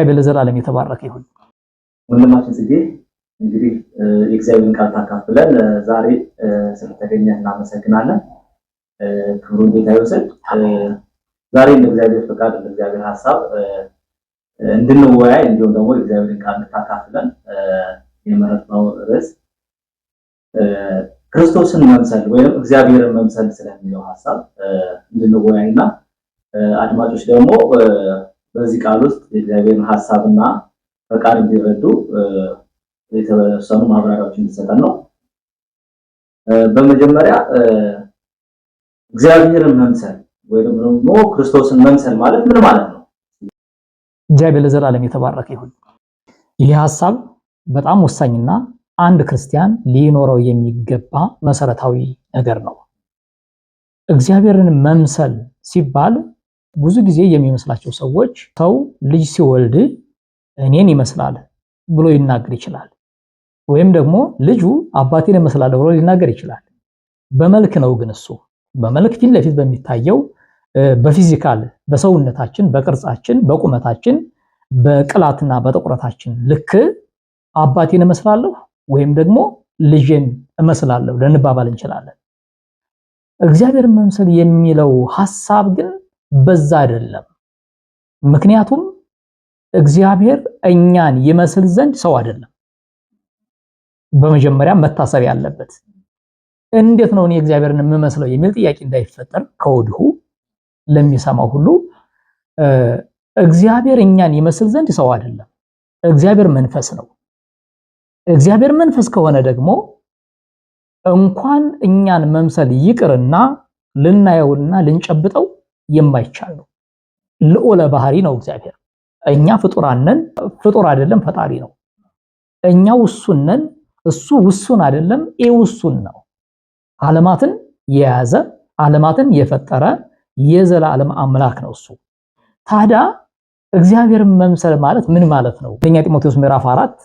እግዚአብሔር ለዘላለም የተባረከ ይሁን። ወንድማችን ጽጌ እንግዲህ የእግዚአብሔርን ቃል ታካፍለን ዛሬ ስለተገኘህ እናመሰግናለን። ክብሩን ጌታ ይውሰድ። ዛሬ እንደ እግዚአብሔር ፈቃድ እንደ እግዚአብሔር ሀሳብ እንድንወያይ እንዲሁም ደግሞ የእግዚአብሔርን ቃል እንድታካፍለን የመረጥነው ርዕስ ክርስቶስን መምሰል ወይም እግዚአብሔርን መምሰል ስለሚለው ሀሳብ እንድንወያይና አድማጮች ደግሞ በዚህ ቃል ውስጥ የእግዚአብሔርን ሀሳብና ፈቃድ እንዲረዱ የተወሰኑ ማብራሪያዎችን እንሰጠን ነው። በመጀመሪያ እግዚአብሔርን መምሰል ወይም ደግሞ ክርስቶስን መምሰል ማለት ምን ማለት ነው? እግዚአብሔር ለዘላለም የተባረከ ይሁን። ይህ ሀሳብ በጣም ወሳኝና አንድ ክርስቲያን ሊኖረው የሚገባ መሰረታዊ ነገር ነው። እግዚአብሔርን መምሰል ሲባል ብዙ ጊዜ የሚመስላቸው ሰዎች ሰው ልጅ ሲወልድ እኔን ይመስላል ብሎ ይናገር ይችላል። ወይም ደግሞ ልጁ አባቴን ይመስላል ብሎ ሊናገር ይችላል። በመልክ ነው ግን እሱ በመልክ ፊት ለፊት በሚታየው በፊዚካል በሰውነታችን በቅርጻችን በቁመታችን በቅላትና በጥቁረታችን ልክ አባቴን እመስላለሁ ወይም ደግሞ ልጄን እመስላለሁ ልንባባል እንችላለን። እግዚአብሔር መምሰል የሚለው ሐሳብ ግን በዛ አይደለም። ምክንያቱም እግዚአብሔር እኛን ይመስል ዘንድ ሰው አይደለም። በመጀመሪያ መታሰብ ያለበት እንዴት ነው እኔ እግዚአብሔርን የምመስለው የሚል ጥያቄ እንዳይፈጠር ከወዲሁ ለሚሰማው ሁሉ እግዚአብሔር እኛን ይመስል ዘንድ ሰው አይደለም። እግዚአብሔር መንፈስ ነው። እግዚአብሔር መንፈስ ከሆነ ደግሞ እንኳን እኛን መምሰል ይቅርና ልናየውና ልንጨብጠው የማይቻል ነው። ልዑለ ባህሪ ነው እግዚአብሔር። እኛ ፍጡራነን ፍጡር አይደለም ፈጣሪ ነው። እኛ ውሱን እሱ ውሱን አይደለም ውሱን ነው። ዓለማትን የያዘ ዓለማትን የፈጠረ የዘላለም አምላክ ነው እሱ። ታዲያ እግዚአብሔርን መምሰል ማለት ምን ማለት ነው? አንደኛ ጢሞቴዎስ ምዕራፍ አራት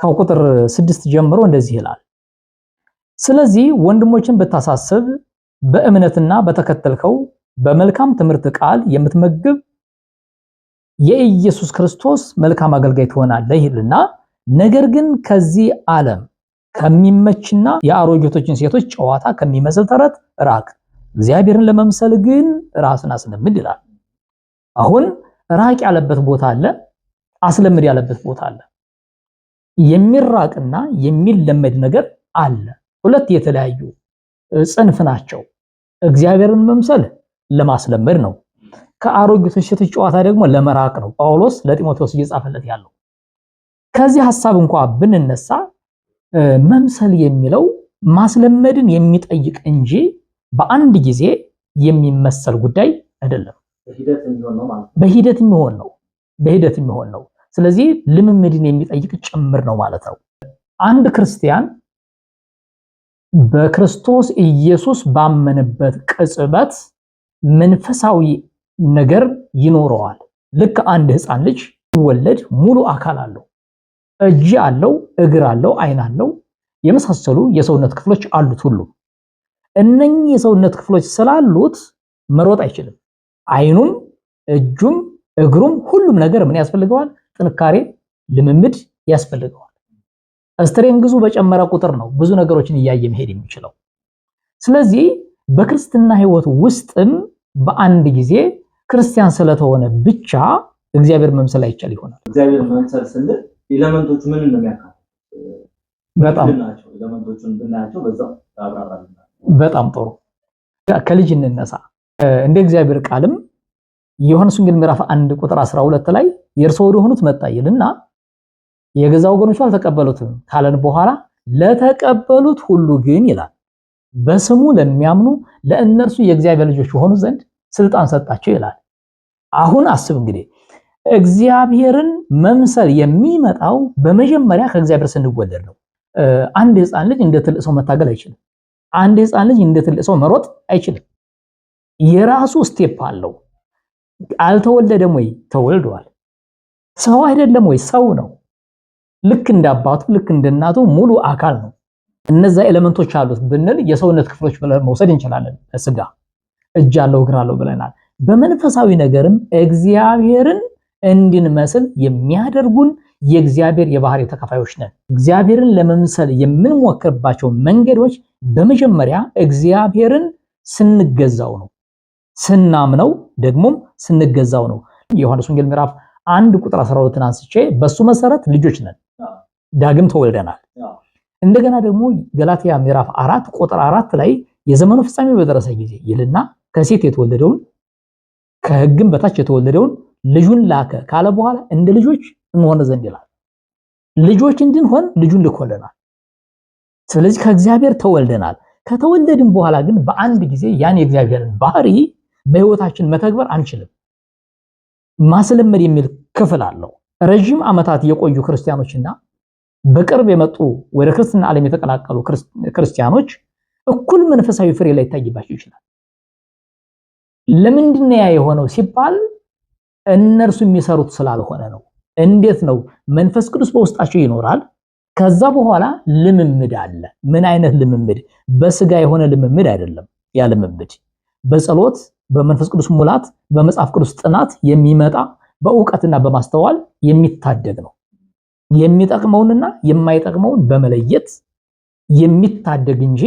ከቁጥር ስድስት ጀምሮ እንደዚህ ይላል። ስለዚህ ወንድሞችን ብታሳስብ በእምነትና በተከተልከው በመልካም ትምህርት ቃል የምትመግብ የኢየሱስ ክርስቶስ መልካም አገልጋይ ትሆናለህ ይልና፣ ነገር ግን ከዚህ ዓለም ከሚመችና የአሮጊቶችን ሴቶች ጨዋታ ከሚመስል ተረት ራቅ፣ እግዚአብሔርን ለመምሰል ግን ራስን አስለምድ ይላል። አሁን ራቅ ያለበት ቦታ አለ፣ አስለምድ ያለበት ቦታ አለ። የሚራቅና የሚለመድ ነገር አለ። ሁለት የተለያዩ ጽንፍ ናቸው። እግዚአብሔርን መምሰል ለማስለመድ ነው። ከአሮጊቶች ሴቶች ጨዋታ ደግሞ ለመራቅ ነው ጳውሎስ ለጢሞቴዎስ እየጻፈለት ያለው። ከዚህ ሐሳብ እንኳ ብንነሳ መምሰል የሚለው ማስለመድን የሚጠይቅ እንጂ በአንድ ጊዜ የሚመሰል ጉዳይ አይደለም። በሂደት የሚሆን ነው። በሂደት የሚሆን ነው። ስለዚህ ልምምድን የሚጠይቅ ጭምር ነው ማለት ነው። አንድ ክርስቲያን በክርስቶስ ኢየሱስ ባመነበት ቅጽበት መንፈሳዊ ነገር ይኖረዋል። ልክ አንድ ህፃን ልጅ ወለድ ሙሉ አካል አለው። እጅ አለው፣ እግር አለው፣ አይን አለው፣ የመሳሰሉ የሰውነት ክፍሎች አሉት። ሁሉ እነኚህ የሰውነት ክፍሎች ስላሉት መሮጥ አይችልም። አይኑም እጁም፣ እግሩም ሁሉም ነገር ምን ያስፈልገዋል? ጥንካሬ፣ ልምምድ ያስፈልገዋል። ስትሬንግዙ በጨመረ ቁጥር ነው ብዙ ነገሮችን እያየ መሄድ የሚችለው። ስለዚህ በክርስትና ህይወት ውስጥም በአንድ ጊዜ ክርስቲያን ስለተሆነ ብቻ እግዚአብሔር መምሰል አይቻል ይሆናል። እግዚአብሔር መምሰል ስንል ኤለመንቶቹ ምን እንደሚያካ በጣም ኤለመንቶቹን ብናያቸው በዛው አብራራልና። በጣም ጥሩ ከልጅ እንነሳ። እንደ እግዚአብሔር ቃልም ዮሐንስ ወንጌል ምዕራፍ 1 ቁጥር 12 ላይ የእርሱ ወደ ሆኑት መጣ ይልና የገዛ ወገኖቹ አልተቀበሉትም ካለን በኋላ ለተቀበሉት ሁሉ ግን ይላል በስሙ ለሚያምኑ ለእነርሱ የእግዚአብሔር ልጆች የሆኑ ዘንድ ስልጣን ሰጣቸው ይላል። አሁን አስብ እንግዲህ እግዚአብሔርን መምሰል የሚመጣው በመጀመሪያ ከእግዚአብሔር ስንወለድ ነው። አንድ ህፃን ልጅ እንደ ትልቅ ሰው መታገል አይችልም። አንድ ህፃን ልጅ እንደ ትልቅ ሰው መሮጥ አይችልም። የራሱ ስቴፕ አለው። አልተወለደም ወይ? ተወልደዋል። ሰው አይደለም ወይ? ሰው ነው። ልክ እንደ አባቱ ልክ እንደ እናቱ ሙሉ አካል ነው። እነዛ ኤሌመንቶች አሉት ብንል የሰውነት ክፍሎች ብለን መውሰድ እንችላለን። ስጋ እጅ አለው እግር አለው ብለናል። በመንፈሳዊ ነገርም እግዚአብሔርን እንድንመስል የሚያደርጉን የእግዚአብሔር የባህሪ ተካፋዮች ነን። እግዚአብሔርን ለመምሰል የምንሞክርባቸው መንገዶች በመጀመሪያ እግዚአብሔርን ስንገዛው ነው፣ ስናምነው ደግሞም ስንገዛው ነው። የዮሐንስ ወንጌል ምዕራፍ አንድ ቁጥር 12ን አንስቼ በሱ መሰረት ልጆች ነን፣ ዳግም ተወልደናል። እንደገና ደግሞ ገላትያ ምዕራፍ አራት ቁጥር አራት ላይ የዘመኑ ፍጻሜ በደረሰ ጊዜ ይልና ከሴት የተወለደውን ከሕግም በታች የተወለደውን ልጁን ላከ ካለ በኋላ እንደ ልጆች እንሆነ ዘንድ ይላል። ልጆች እንድንሆን ልጁን ልኮልናል። ስለዚህ ከእግዚአብሔር ተወልደናል። ከተወለድን በኋላ ግን በአንድ ጊዜ ያን የእግዚአብሔርን ባህሪ በህይወታችን መተግበር አንችልም። ማስለመድ የሚል ክፍል አለው። ረዥም ዓመታት የቆዩ ክርስቲያኖችና በቅርብ የመጡ ወደ ክርስትና ዓለም የተቀላቀሉ ክርስቲያኖች እኩል መንፈሳዊ ፍሬ ላይ ይታይባቸው ይችላል። ለምንድን ያ የሆነው ሲባል እነርሱ የሚሰሩት ስላልሆነ ነው። እንዴት ነው? መንፈስ ቅዱስ በውስጣቸው ይኖራል። ከዛ በኋላ ልምምድ አለ። ምን አይነት ልምምድ? በስጋ የሆነ ልምምድ አይደለም። ያ ልምምድ በጸሎት በመንፈስ ቅዱስ ሙላት በመጽሐፍ ቅዱስ ጥናት የሚመጣ በእውቀትና በማስተዋል የሚታደግ ነው። የሚጠቅመውንና የማይጠቅመውን በመለየት የሚታደግ እንጂ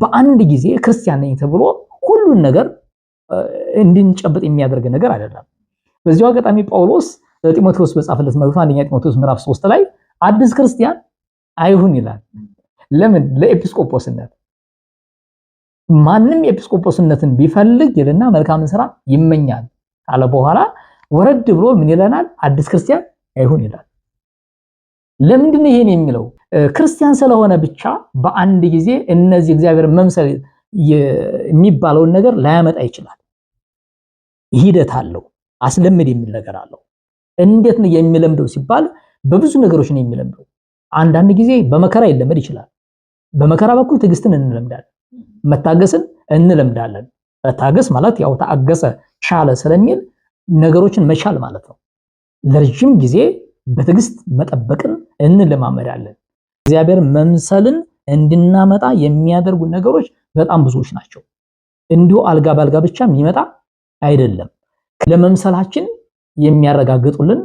በአንድ ጊዜ ክርስቲያን ነኝ ተብሎ ሁሉን ነገር እንድንጨብጥ የሚያደርግ ነገር አይደለም። በዚሁ አጋጣሚ ጳውሎስ ለጢሞቴዎስ በጻፈለት መልእክቱ አንደኛ ጢሞቴዎስ ምዕራፍ ሶስት ላይ አዲስ ክርስቲያን አይሁን ይላል። ለምን? ለኤጲስቆጶስነት ማንም የኤጲስቆጶስነትን ቢፈልግ ይልና መልካምን ስራ ይመኛል ካለ በኋላ ወረድ ብሎ ምን ይለናል? አዲስ ክርስቲያን አይሁን ይላል። ለምንድን ይሄን የሚለው? ክርስቲያን ስለሆነ ብቻ በአንድ ጊዜ እነዚህ እግዚአብሔር መምሰል የሚባለውን ነገር ላያመጣ ይችላል። ሂደት አለው። አስለምድ የሚል ነገር አለው። እንዴት ነው የሚለምደው ሲባል በብዙ ነገሮች ነው የሚለምደው። አንዳንድ ጊዜ በመከራ ይለመድ ይችላል። በመከራ በኩል ትዕግስትን እንለምዳለን፣ መታገስን እንለምዳለን። መታገስ ማለት ያው ታገሰ ቻለ ስለሚል ነገሮችን መቻል ማለት ነው። ለረጅም ጊዜ በትዕግስት መጠበቅን እንለማመዳለን። እግዚአብሔር መምሰልን እንድናመጣ የሚያደርጉ ነገሮች በጣም ብዙዎች ናቸው። እንዲሁ አልጋ በአልጋ ብቻ የሚመጣ አይደለም። ለመምሰላችን የሚያረጋግጡልን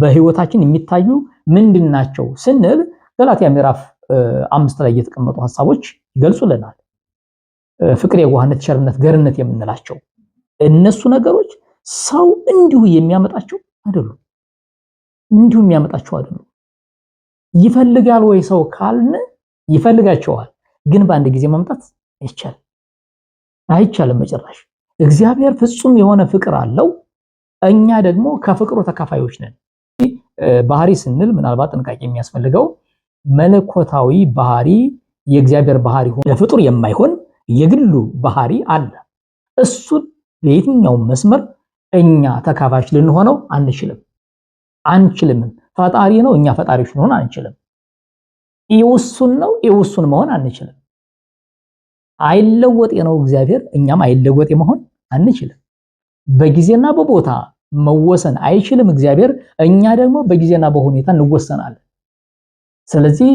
በህይወታችን የሚታዩ ምንድን ናቸው ስንል ገላትያ ምዕራፍ አምስት ላይ የተቀመጡ ሀሳቦች ይገልጹልናል። ፍቅር፣ የዋህነት፣ ቸርነት፣ ገርነት የምንላቸው እነሱ ነገሮች ሰው እንዲሁ የሚያመጣቸው አይደሉም። እንዲሁ የሚያመጣቸው አይደሉም። ይፈልጋል ወይ ሰው ካልን ይፈልጋቸዋል፣ ግን በአንድ ጊዜ ማምጣት አይቻልም፣ አይቻልም በጭራሽ። እግዚአብሔር ፍጹም የሆነ ፍቅር አለው። እኛ ደግሞ ከፍቅሩ ተካፋዮች ነን። ባህሪ ስንል ምናልባት ጥንቃቄ የሚያስፈልገው መለኮታዊ ባህሪ የእግዚአብሔር ባህሪ ሆኖ ለፍጡር የማይሆን የግሉ ባህሪ አለ። እሱን በየትኛውም መስመር እኛ ተካፋሽ ልንሆነው አንችልም። አንችልም። ፈጣሪ ነው፣ እኛ ፈጣሪዎች ልንሆን አንችልም። ኢየውሱን ነው፣ ኢየውሱን መሆን አንችልም። አይለወጥ ነው እግዚአብሔር፣ እኛም አይለወጥ መሆን አንችልም። በጊዜና በቦታ መወሰን አይችልም እግዚአብሔር፣ እኛ ደግሞ በጊዜና በሁኔታ እንወሰናለን። ስለዚህ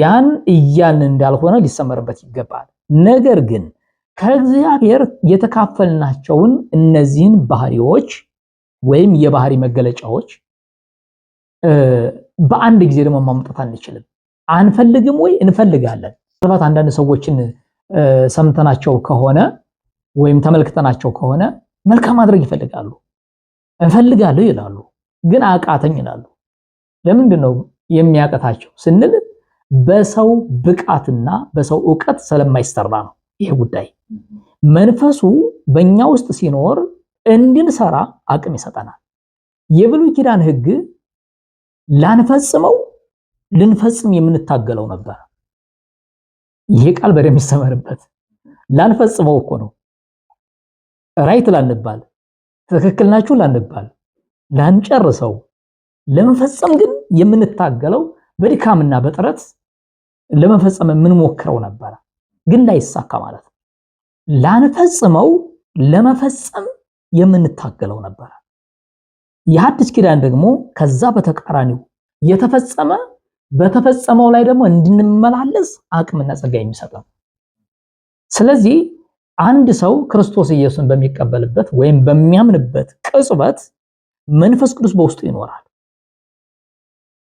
ያን እያልን እንዳልሆነ ሊሰመርበት ይገባል። ነገር ግን ከእግዚአብሔር የተካፈልናቸውን እነዚህን ባህሪዎች ወይም የባህሪ መገለጫዎች በአንድ ጊዜ ደግሞ ማምጣት አንችልም። አንፈልግም ወይ እንፈልጋለን። ምናልባት አንዳንድ ሰዎችን ሰምተናቸው ከሆነ ወይም ተመልክተናቸው ከሆነ መልካም ማድረግ ይፈልጋሉ፣ እንፈልጋለሁ ይላሉ፣ ግን አቃተኝ ይላሉ። ለምንድን ነው የሚያቀታቸው ስንል በሰው ብቃትና በሰው እውቀት ስለማይሰራ ነው። ይሄ ጉዳይ መንፈሱ በእኛ ውስጥ ሲኖር እንድንሰራ አቅም ይሰጠናል። የብሉይ ኪዳን ሕግ ላንፈጽመው ልንፈጽም የምንታገለው ነበር። ይሄ ቃል በደም ይሰመርበት። ላንፈጽመው እኮ ነው ራይት ላንባል፣ ትክክል ናችሁ ላንባል፣ ላንጨርሰው። ለመፈጸም ግን የምንታገለው በድካምና በጥረት ለመፈጸም የምንሞክረው ነበረ፣ ግን ላይሳካ ማለት ነው። ላንፈጽመው ለመፈጸም የምንታገለው ነበረ። የሐዲስ ኪዳን ደግሞ ከዛ በተቃራኒው የተፈጸመ በተፈጸመው ላይ ደግሞ እንድንመላለስ አቅምና ጸጋ የሚሰጥ ነው። ስለዚህ አንድ ሰው ክርስቶስ ኢየሱስን በሚቀበልበት ወይም በሚያምንበት ቅጽበት መንፈስ ቅዱስ በውስጡ ይኖራል።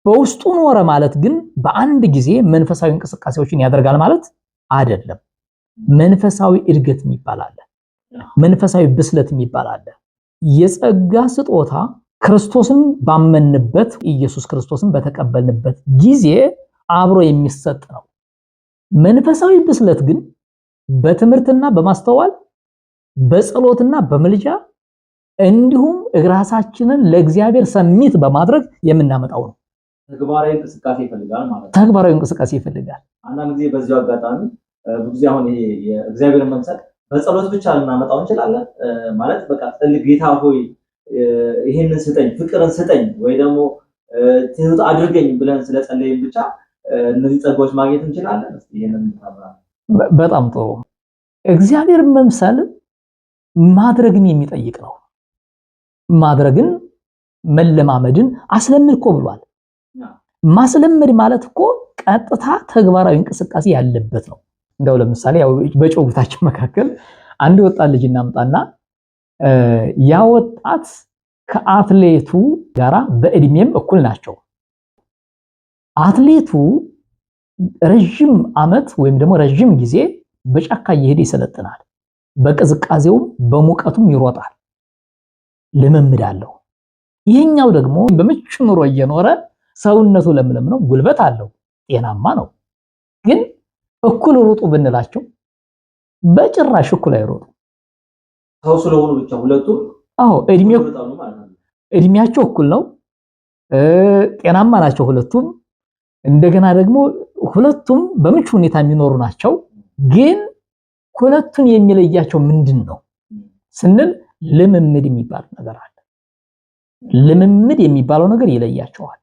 በውስጡ ኖረ ማለት ግን በአንድ ጊዜ መንፈሳዊ እንቅስቃሴዎችን ያደርጋል ማለት አይደለም። መንፈሳዊ እድገት የሚባል አለ። መንፈሳዊ ብስለት የሚባል አለ። የጸጋ ስጦታ ክርስቶስን ባመንበት ኢየሱስ ክርስቶስን በተቀበልንበት ጊዜ አብሮ የሚሰጥ ነው። መንፈሳዊ ብስለት ግን በትምህርትና በማስተዋል በጸሎትና በምልጃ እንዲሁም ራሳችንን ለእግዚአብሔር ሰሚት በማድረግ የምናመጣው ነው። ተግባራዊ እንቅስቃሴ ይፈልጋል ማለት ነው። ተግባራዊ እንቅስቃሴ ይፈልጋል። አንዳንድ ጊዜ በዚሁ አጋጣሚ ብዙ ጊዜ አሁን ይሄ የእግዚአብሔርን መንፈስ በጸሎት ብቻ ልናመጣው እንችላለን። ማለት በቃ ጌታ ሆይ ይሄንን ስጠኝ፣ ፍቅርን ስጠኝ ወይ ደግሞ ትሁት አድርገኝ ብለን ስለጸለይን ብቻ እነዚህ ጸጋዎች ማግኘት እንችላለን። ይሄንን በጣም ጥሩ። እግዚአብሔር መምሰል ማድረግን የሚጠይቅ ነው። ማድረግን መለማመድን አስለምድ እኮ ብሏል። ማስለመድ ማለት እኮ ቀጥታ ተግባራዊ እንቅስቃሴ ያለበት ነው። እንደው ለምሳሌ ያው በጨዋታችን መካከል አንድ ወጣት ልጅ እናምጣና ያ ወጣት ከአትሌቱ ጋራ በእድሜም እኩል ናቸው። አትሌቱ ረዥም ዓመት ወይም ደግሞ ረዥም ጊዜ በጫካ እየሄደ ይሰለጥናል። በቅዝቃዜውም በሙቀቱም ይሮጣል፣ ልምምድ አለው። ይህኛው ደግሞ በምቹ ኑሮ እየኖረ ሰውነቱ ለምለም ነው፣ ጉልበት አለው፣ ጤናማ ነው። ግን እኩል ሩጡ ብንላቸው በጭራሽ እኩል አይሮጡ። ሰው ስለሆኑ ብቻ ሁለቱም አዎ፣ እድሜው እድሜያቸው እኩል ነው። ጤናማ ናቸው ሁለቱም። እንደገና ደግሞ ሁለቱም በምቹ ሁኔታ የሚኖሩ ናቸው። ግን ሁለቱን የሚለያቸው ምንድን ነው ስንል ልምምድ የሚባል ነገር አለ። ልምምድ የሚባለው ነገር ይለያቸዋል።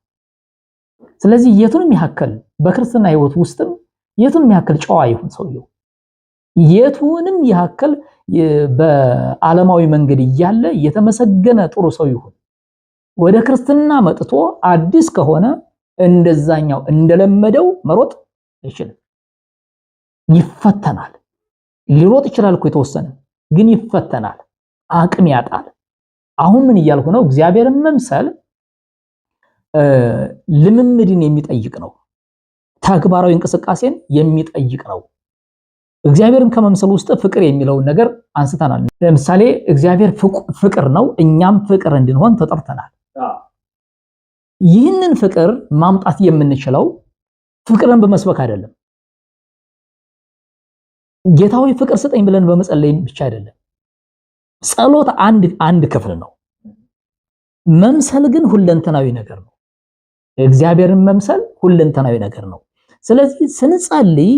ስለዚህ የቱንም ያክል በክርስትና ሕይወት ውስጥም የቱንም ያክል ጨዋ ይሁን ሰውየው የቱንም ያክል በዓለማዊ መንገድ እያለ የተመሰገነ ጥሩ ሰው ይሁን። ወደ ክርስትና መጥቶ አዲስ ከሆነ እንደዛኛው እንደለመደው መሮጥ አይችልም፣ ይፈተናል። ሊሮጥ ይችላል እኮ የተወሰነ ግን ይፈተናል፣ አቅም ያጣል። አሁን ምን እያልኩ ነው? እግዚአብሔርን መምሰል ልምምድን የሚጠይቅ ነው። ተግባራዊ እንቅስቃሴን የሚጠይቅ ነው። እግዚአብሔርን ከመምሰል ውስጥ ፍቅር የሚለውን ነገር አንስተናል። ለምሳሌ እግዚአብሔር ፍቅር ነው፣ እኛም ፍቅር እንድንሆን ተጠርተናል። ይህንን ፍቅር ማምጣት የምንችለው ፍቅርን በመስበክ አይደለም። ጌታዊ ፍቅር ስጠኝ ብለን በመጸለይ ብቻ አይደለም። ጸሎት አንድ አንድ ክፍል ነው። መምሰል ግን ሁለንተናዊ ነገር ነው። እግዚአብሔርን መምሰል ሁለንተናዊ ነገር ነው። ስለዚህ ስንጸልይ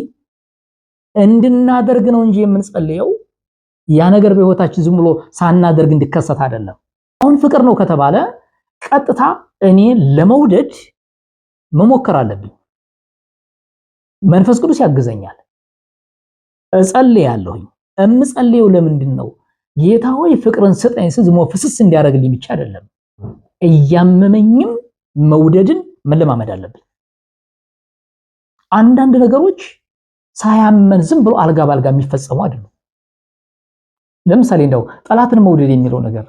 እንድናደርግ ነው እንጂ የምንጸልየው ያ ነገር በህይወታችን ዝም ብሎ ሳናደርግ እንዲከሰት አይደለም። አሁን ፍቅር ነው ከተባለ ቀጥታ እኔ ለመውደድ መሞከር አለብኝ። መንፈስ ቅዱስ ያግዘኛል። እጸልያለሁኝ። እምጸልየው ለምንድን ነው? ጌታ ሆይ ፍቅርን ስጠኝ ስል ዝም ብሎ ፍስስ እንዲያደርግልኝ ብቻ አይደለም። እያመመኝም መውደድን መለማመድ አለብን። አንዳንድ ነገሮች ሳያመን ዝም ብሎ አልጋ በአልጋ የሚፈጸሙ አይደሉም። ለምሳሌ እንደው ጠላትን መውደድ የሚለው ነገር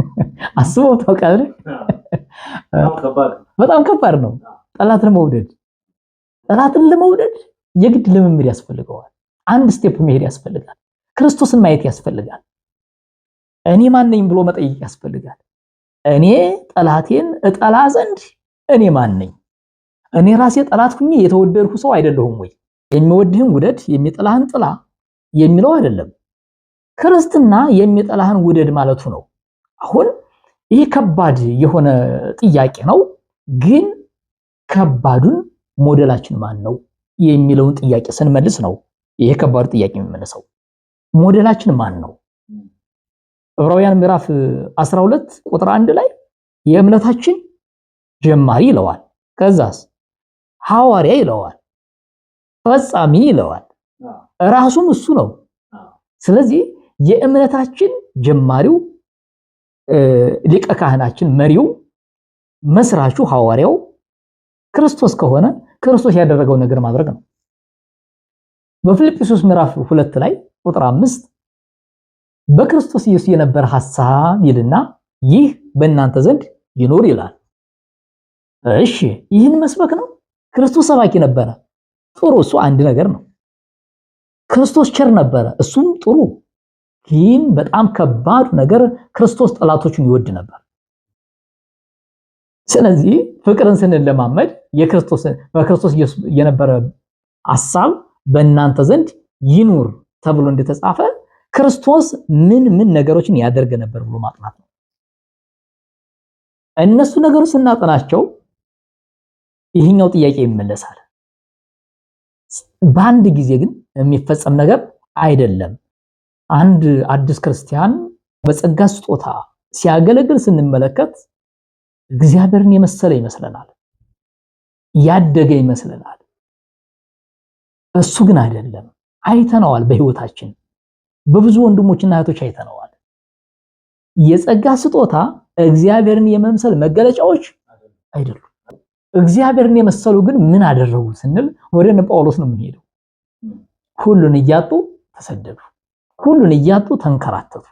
አስበው ታውቃለህ? በጣም ከባድ ነው። ጠላትን መውደድ ጠላትን ለመውደድ የግድ ልምምድ ያስፈልገዋል። አንድ ስቴፕ መሄድ ያስፈልጋል። ክርስቶስን ማየት ያስፈልጋል። እኔ ማን ነኝ ብሎ መጠየቅ ያስፈልጋል። እኔ ጠላቴን እጠላ ዘንድ እኔ ማን ነኝ? እኔ ራሴ ጠላት ሁኜ የተወደድኩ ሰው አይደለሁም ወይ? የሚወድህን ውደድ የሚጠላህን ጥላ የሚለው አይደለም። ክርስትና የሚጠላህን ውደድ ማለቱ ነው። አሁን ይህ ከባድ የሆነ ጥያቄ ነው። ግን ከባዱን ሞዴላችን ማን ነው የሚለውን ጥያቄ ስንመልስ ነው ይሄ ከባዱ ጥያቄ የሚመለሰው። ሞዴላችን ማን ነው? ዕብራውያን ምዕራፍ 12 ቁጥር አንድ ላይ የእምነታችን ጀማሪ ይለዋል። ከዛስ ሐዋርያ ይለዋል። ፈጻሚ ይለዋል። ራሱም እሱ ነው። ስለዚህ የእምነታችን ጀማሪው ሊቀ ካህናችን፣ መሪው፣ መስራቹ፣ ሐዋርያው ክርስቶስ ከሆነ ክርስቶስ ያደረገው ነገር ማድረግ ነው። በፊልጵስዩስ ምዕራፍ ሁለት ላይ ቁጥር አምስት በክርስቶስ ኢየሱስ የነበረ ሐሳብ ይልና ይህ በእናንተ ዘንድ ይኖር ይላል። እሺ ይህን መስበክ ነው። ክርስቶስ ሰባኪ ነበረ። ጥሩ እሱ አንድ ነገር ነው። ክርስቶስ ቸር ነበረ፣ እሱም ጥሩ። ይህም በጣም ከባድ ነገር ክርስቶስ ጠላቶቹን ይወድ ነበር። ስለዚህ ፍቅርን ስንለማመድ በክርስቶስ የነበረ አሳብ በእናንተ ዘንድ ይኑር ተብሎ እንደተጻፈ ክርስቶስ ምን ምን ነገሮችን ያደርግ ነበር ብሎ ማጥናት ነው። እነሱ ነገሮች ስናጠናቸው ይህኛው ጥያቄ ይመለሳል። በአንድ ጊዜ ግን የሚፈጸም ነገር አይደለም። አንድ አዲስ ክርስቲያን በጸጋ ስጦታ ሲያገለግል ስንመለከት እግዚአብሔርን የመሰለ ይመስለናል፣ ያደገ ይመስለናል። እሱ ግን አይደለም። አይተነዋል፣ በህይወታችን በብዙ ወንድሞችና እህቶች አይተነዋል። የጸጋ ስጦታ እግዚአብሔርን የመምሰል መገለጫዎች አይደሉም። እግዚአብሔርን የመሰሉ ግን ምን አደረጉ ስንል ወደ እነ ጳውሎስ ነው የምንሄደው። ሁሉን እያጡ ተሰደዱ። ሁሉን እያጡ ተንከራተቱ።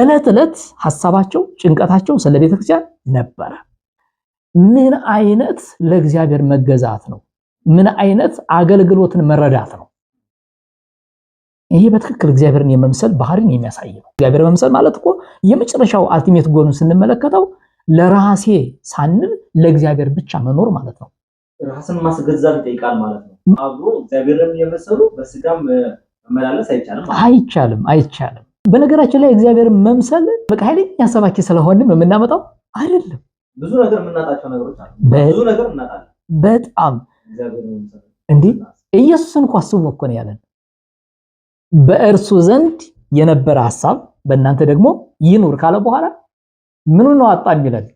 እለት እለት ሐሳባቸው፣ ጭንቀታቸው ስለ ቤተክርስቲያን ነበረ። ምን አይነት ለእግዚአብሔር መገዛት ነው? ምን አይነት አገልግሎትን መረዳት ነው? ይሄ በትክክል እግዚአብሔርን የመምሰል ባህሪን የሚያሳይ ነው። እግዚአብሔር መምሰል ማለት እኮ የመጨረሻው አልቲሜት ጎኑን ስንመለከተው ለራሴ ሳንል ለእግዚአብሔር ብቻ መኖር ማለት ነው። ራስን ማስገዛት ይጠይቃል ማለት ነው። አብሮ እግዚአብሔርን የመሰሉ በስጋም መመላለስ አይቻልም፣ አይቻልም፣ አይቻልም። በነገራችን ላይ እግዚአብሔር መምሰል በቃ ኃይለኛ ሰባኪ ስለሆንም የምናመጣው አይደለም። ብዙ ነገር የምናጣቸው ነገሮች አሉ። ብዙ ነገር እናጣለን። በጣም እንዲህ ኢየሱስን እንኳ አስቡ እኮ ነው ያለን። በእርሱ ዘንድ የነበረ ሐሳብ በእናንተ ደግሞ ይኑር ካለ በኋላ ምኑ ነው አጣ የሚለን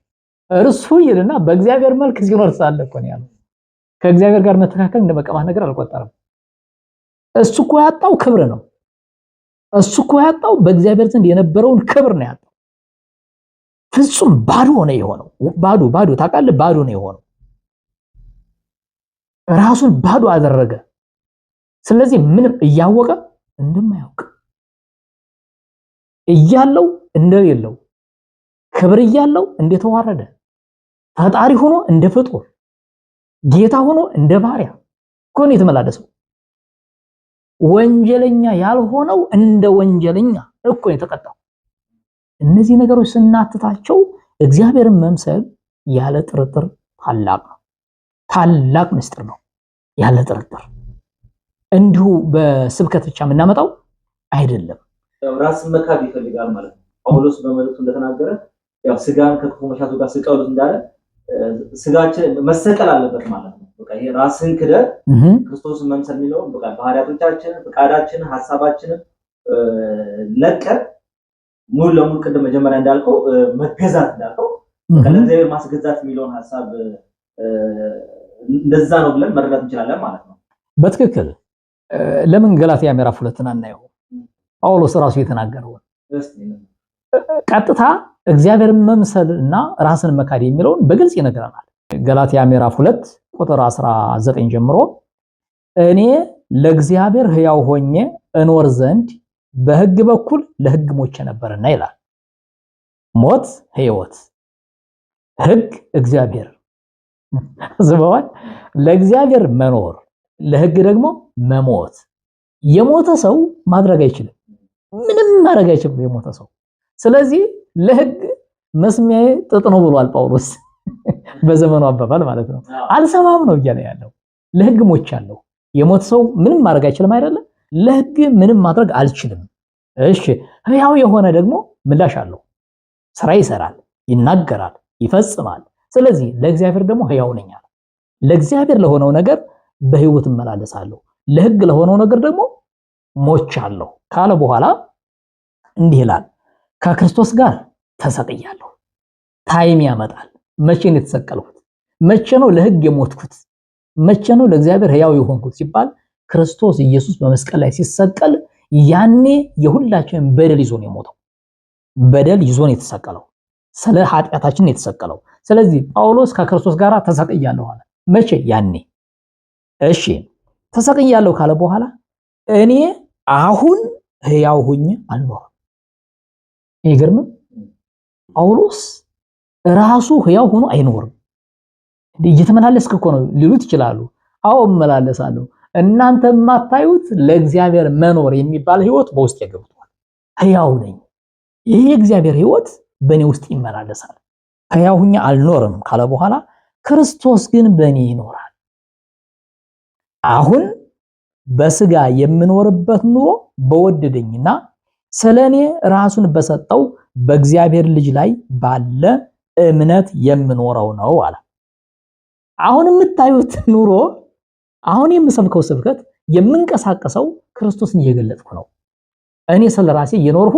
እርሱ ይልና በእግዚአብሔር መልክ ሲኖር ሳለ እኮ ነው ያለው። ከእግዚአብሔር ጋር መተካከል እንደ መቀማት ነገር አልቆጠረም። እሱ እኮ ያጣው ክብር ነው። እሱ እኮ ያጣው በእግዚአብሔር ዘንድ የነበረውን ክብር ነው ያጣው። ፍጹም ባዶ ሆነ የሆነው ባዶ ባዶ ታውቃለህ፣ ባዶ ነው የሆነው። ራሱን ባዶ አደረገ። ስለዚህ ምንም እያወቀ እንደማያውቅ እያለው እንደሌለው ክብር እያለው እንደተዋረደ ፈጣሪ ሆኖ እንደ ፍጡር ጌታ ሆኖ እንደ ባሪያ እኮ ነው የተመላለሰው። ወንጀለኛ ያልሆነው እንደ ወንጀለኛ እኮ ነው የተቀጣው። እነዚህ ነገሮች ስናትታቸው እግዚአብሔርን መምሰል ያለ ጥርጥር ታላቅ ነው። ታላቅ ምስጢር ነው ያለ ጥርጥር። እንዲሁ በስብከት ብቻ የምናመጣው አይደለም። ራስን መካድ ይፈልጋል ማለት ነው ጳውሎስ በመልእክቱ እንደተናገረ ያው ስጋን ከክፉ መሻቱ ጋር ስቀሉት እንዳለ ስጋችን መሰቀል አለበት ማለት ነው። በቃ ይሄ ራስን ክደ ክርስቶስን መምሰል የሚለው በቃ ባህሪያቶቻችንን፣ ፍቃዳችን፣ ሀሳባችንን ለቀን ሙሉ ለሙሉ ቅድም መጀመሪያ እንዳልከው መገዛት እንዳልከው ለእግዚአብሔር ማስገዛት የሚለውን ሀሳብ እንደዛ ነው ብለን መረዳት እንችላለን ማለት ነው። በትክክል ለምን ገላትያ ምዕራፍ ሁለትን አናየው? ጳውሎስ ራሱ የተናገረውን ቀጥታ እግዚአብሔርን መምሰል እና ራስን መካድ የሚለውን በግልጽ ይነግረናል። ገላትያ ምዕራፍ 2 ቁጥር 19 ጀምሮ እኔ ለእግዚአብሔር ሕያው ሆኜ እኖር ዘንድ በሕግ በኩል ለሕግ ሞቼ ነበርና ይላል። ሞት ሕይወት፣ ሕግ እግዚአብሔር ዝበዋል። ለእግዚአብሔር መኖር፣ ለሕግ ደግሞ መሞት። የሞተ ሰው ማድረግ አይችልም፣ ምንም ማድረግ አይችልም የሞተ ሰው ስለዚህ ለህግ መስሚያዬ ጥጥ ነው ብሏል ጳውሎስ በዘመኑ አባባል ማለት ነው። አልሰማም ነው እያለ ያለው ለህግ ሞቻለሁ። የሞት ሰው ምንም ማድረግ አይችልም አይደለም? ለህግ ምንም ማድረግ አልችልም። እሺ ህያው የሆነ ደግሞ ምላሽ አለው። ስራ ይሰራል፣ ይናገራል፣ ይፈጽማል። ስለዚህ ለእግዚአብሔር ደግሞ ህያው ነኝ አለ። ለእግዚአብሔር ለሆነው ነገር በህይወት እመላለሳለሁ፣ ለህግ ለሆነው ነገር ደግሞ ሞቻለሁ ካለ በኋላ እንዲህ ይላል ከክርስቶስ ጋር ተሰቅያለሁ። ታይም ያመጣል። መቼ ነው የተሰቀልኩት? መቼ ነው ለህግ የሞትኩት? መቼ ነው ለእግዚአብሔር ህያው የሆንኩት ሲባል ክርስቶስ ኢየሱስ በመስቀል ላይ ሲሰቀል ያኔ የሁላችንን በደል ይዞ ነው የሞተው። በደል ይዞ ነው የተሰቀለው። ስለ ኃጢአታችን ነው የተሰቀለው። ስለዚህ ጳውሎስ ከክርስቶስ ጋር ተሰቅያለሁ አለ። መቼ? ያኔ። እሺ ተሰቅያለሁ ካለ በኋላ እኔ አሁን ህያው ሁኝ አልኖርም አይገርምም? ጳውሎስ ራሱ ህያው ሆኖ አይኖርም። እየተመላለስክ እኮ ነው ሊሉት ይችላሉ። አዎ እመላለሳለሁ። እናንተ የማታዩት ለእግዚአብሔር መኖር የሚባል ህይወት በውስጥ ገብቷል። ህያው ነኝ። ይሄ የእግዚአብሔር ህይወት በእኔ ውስጥ ይመላለሳል። ህያው ሁኛ አልኖርም ካለ በኋላ ክርስቶስ ግን በእኔ ይኖራል። አሁን በስጋ የምኖርበት ኑሮ በወደደኝና ስለ እኔ ራሱን በሰጠው በእግዚአብሔር ልጅ ላይ ባለ እምነት የምኖረው ነው አለ። አሁን የምታዩት ኑሮ፣ አሁን የምሰብከው ስብከት፣ የምንቀሳቀሰው ክርስቶስን እየገለጥኩ ነው። እኔ ስለ ራሴ እየኖርሁ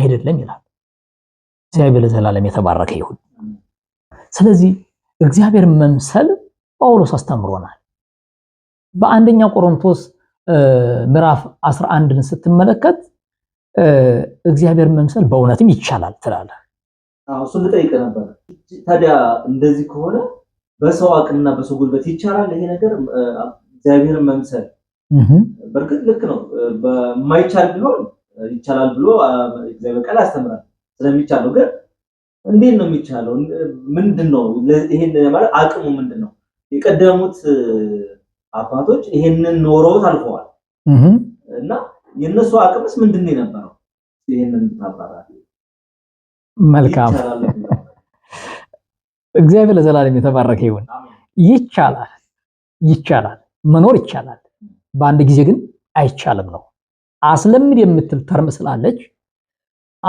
አይደለም ይላል። እግዚአብሔር ለዘላለም የተባረከ ይሁን። ስለዚህ እግዚአብሔር መምሰል ጳውሎስ አስተምሮናል። በአንደኛ ቆሮንቶስ ምዕራፍ 11ን ስትመለከት እግዚአብሔር መምሰል በእውነትም ይቻላል ትላለህ። እሱ ልጠይቅ ነበር። ታዲያ እንደዚህ ከሆነ በሰው አቅምና በሰው ጉልበት ይቻላል ይሄ ነገር እግዚአብሔር መምሰል? በእርግጥ ልክ ነው። በማይቻል ቢሆን ይቻላል ብሎ እግዚአብሔር ቃል ያስተምራል ስለሚቻለው። ግን እንዴት ነው የሚቻለው? ምንድን ነው ይሄን ማለት አቅሙ ምንድን ነው? የቀደሙት አባቶች ይሄንን ኖረውት አልፈዋል እና የእነሱ አቅምስ ምንድን ነው የነበረው? ይህንን ታብራራት። መልካም እግዚአብሔር ለዘላለም የተባረከ ይሁን። ይቻላል፣ ይቻላል፣ መኖር ይቻላል። በአንድ ጊዜ ግን አይቻልም ነው። አስለምድ የምትል ተርም ስላለች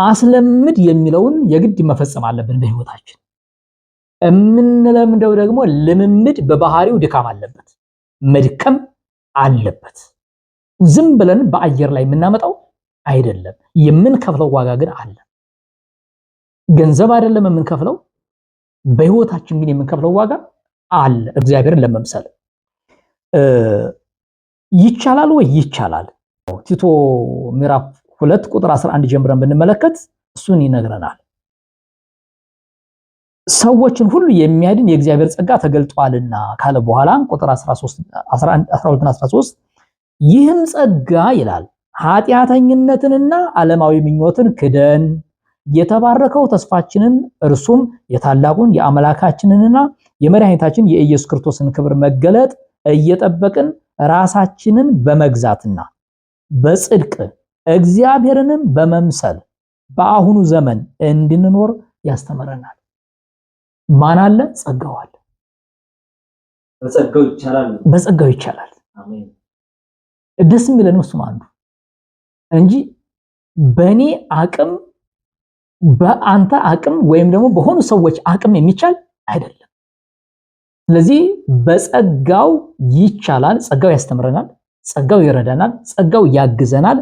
አስለምድ የሚለውን የግድ መፈጸም አለብን በህይወታችን። እምንለምደው ደግሞ ልምምድ በባህሪው ድካም አለበት፣ መድከም አለበት። ዝም ብለን በአየር ላይ የምናመጣው አይደለም። የምንከፍለው ዋጋ ግን አለ። ገንዘብ አይደለም የምንከፍለው፣ በህይወታችን ግን የምንከፍለው ዋጋ አለ። እግዚአብሔርን ለመምሰል ይቻላል ወይ? ይቻላል። ቲቶ ምዕራፍ ሁለት ቁጥር 11 ጀምረን ብንመለከት እሱን ይነግረናል። ሰዎችን ሁሉ የሚያድን የእግዚአብሔር ጸጋ ተገልጧልና ካለ በኋላ ቁጥር 12 13 ይህም ጸጋ ይላል ኃጢአተኝነትንና ዓለማዊ ምኞትን ክደን የተባረከው ተስፋችንን እርሱም የታላቁን የአምላካችንንና የመድኃኒታችን የኢየሱስ ክርስቶስን ክብር መገለጥ እየጠበቅን ራሳችንን በመግዛትና በጽድቅ እግዚአብሔርንም በመምሰል በአሁኑ ዘመን እንድንኖር ያስተምረናል። ማን አለ? ጸጋው አለ። በጸጋው ይቻላል። ደስ የሚለንም እሱም አንዱ እንጂ በእኔ አቅም በአንተ አቅም ወይም ደግሞ በሆኑ ሰዎች አቅም የሚቻል አይደለም። ስለዚህ በጸጋው ይቻላል። ጸጋው ያስተምረናል፣ ጸጋው ይረዳናል፣ ጸጋው ያግዘናል።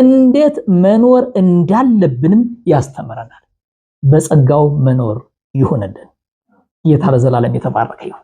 እንዴት መኖር እንዳለብንም ያስተምረናል። በጸጋው መኖር ይሁንልን። ጌታ ለዘላለም የተባረከ ይሁን።